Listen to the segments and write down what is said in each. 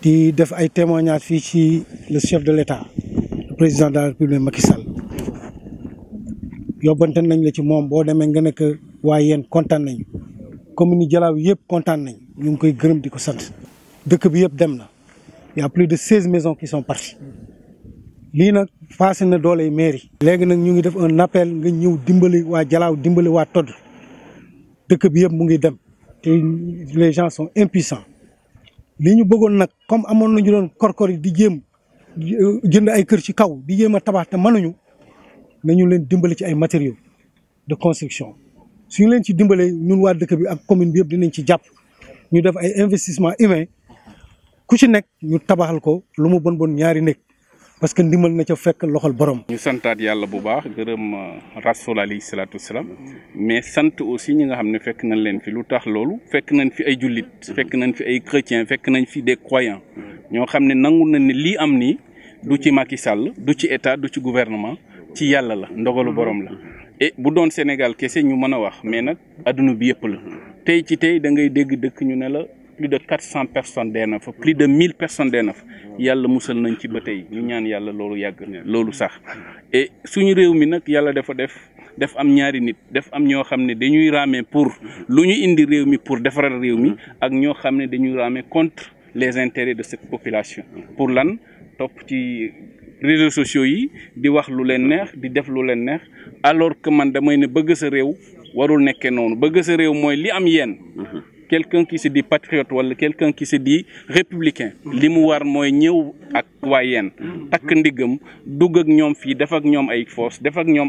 di def ay témoignages fii ci le chef de l'État le président de la République Macky Sall yóbbante nañ la ci moom boo demee nga ne ko waaye yéen kontaan nañu commune yi Jalaaw yëpp kontaan nañ ñu ngi koy gërëm di ko sant dëkk bi yëpp dem na y a plus de seize maisons qui sont parties lii nag passé na dooley mairie. léegi nag ñu ngi def un appel nga ñëw dimbali waa Jalaaw dimbali waa Todd dëkk bi yëpp mu ngi dem te les gens sont impuissants li ñu bëggoon nag comme amoon ñu doon korkor yi di jéem jënd ay kër ci kaw di jéem a tabax te mënuñu nañu leen dimbale ci ay matériaux de construction suñu leen ci dimbalee ñun waa dëkk bi ak commune bi yëpp dinañ ci jàpp ñu def ay investissement humain ku ci nekk ñu tabaxal ko lu mu bon bon ñaari nekk parce que ndimbal na ca fekk loxol borom. ñu santaat yàlla bu baax gërëm euh, rasul alayhi salaatu mais sant aussi ñi nga xam ne fekk nañ leen fi lu tax loolu fekk nañ fi ay jullit fekk nañ fi ay chrétiens fekk nañ fi des croyants ñoo xam ne nangu nañ ne lii am nii du ci Macky Sall du ci état du ci gouvernement ci yàlla la ndogalu borom la. et bu doon Sénégal kese ñu mën a wax mais nag adduna bi yëpp la tey ci tey da dégg dëkk ñu ne la plus de 400 personnes dee plus de 1000 personnes dee na fa yàlla musal nañ ci ba tey ñu ñaan yàlla loolu yàgg loolu sax et suñu réew mi nag yàlla dafa def def am ñaari nit def am ño xam dañuy ramé pour luñu indi réew mi pour défaral réew mi ak ño xam dañuy ramé contre les intérêts de cette population pour lan top ci réseaux sociaux yi di wax lu leen neex di def lu leen neex alors que man damay ne bëgg sa réew warul nekké nonu bëgg sa réew moy li am yéen quelqu'un qui se dit patriote ou quelqu'un qui se dit républicain mm-hmm. les mu war mooy ñëw ak waa yeen mm-hmm. takk ndigam dugg ak ñoom fii def ak ay force def ak ñoom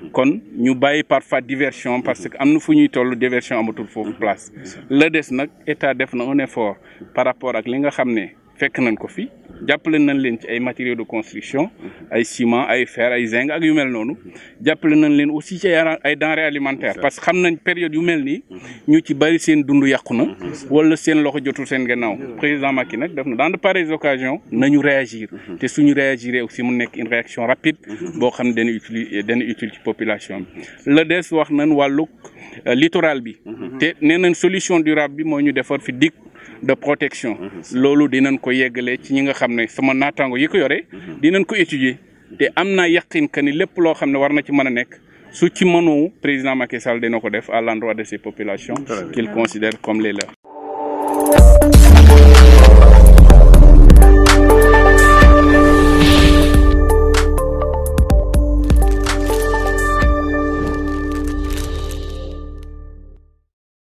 kon ñu bàyyi parfois diversion parce que am na fu ñuy toll diversion amatul foofu place la des nag état def na un effort par rapport ak li nga xam ne fekk nañ ko fi jàppale nañ leen ci ay matériaux de construction ay ciment ay fer ay zinc ak yu mel noonu jàppale nañ leen aussi ci ay denrées alimentaires parce que xam nañ période yu mel nii ñu ci bari seen dund yàqu na wala seen loxo jotul seen gannaaw président Macky nag def na dans de pareilles occasions nañu réagir te suñu réagir aussi mu nekk une réaction rapide boo xam ne dana utile dana utile ci population bi la des wax nañ wàllu euh, littoral bi te nee nañ solution durable bi moo ñu defar fi dig de protection mhm. loolu dinañ ko yeggalee ci ñi nga xam ne sama naataango yi ko yore mhm. dinañ ko étudier te am naa yaqin que ni lépp loo xam ne war na ci mën a nekk su ci mënu président Macky Sall dina ko def à l'endroit de ces populations qu'il considère comme les leurs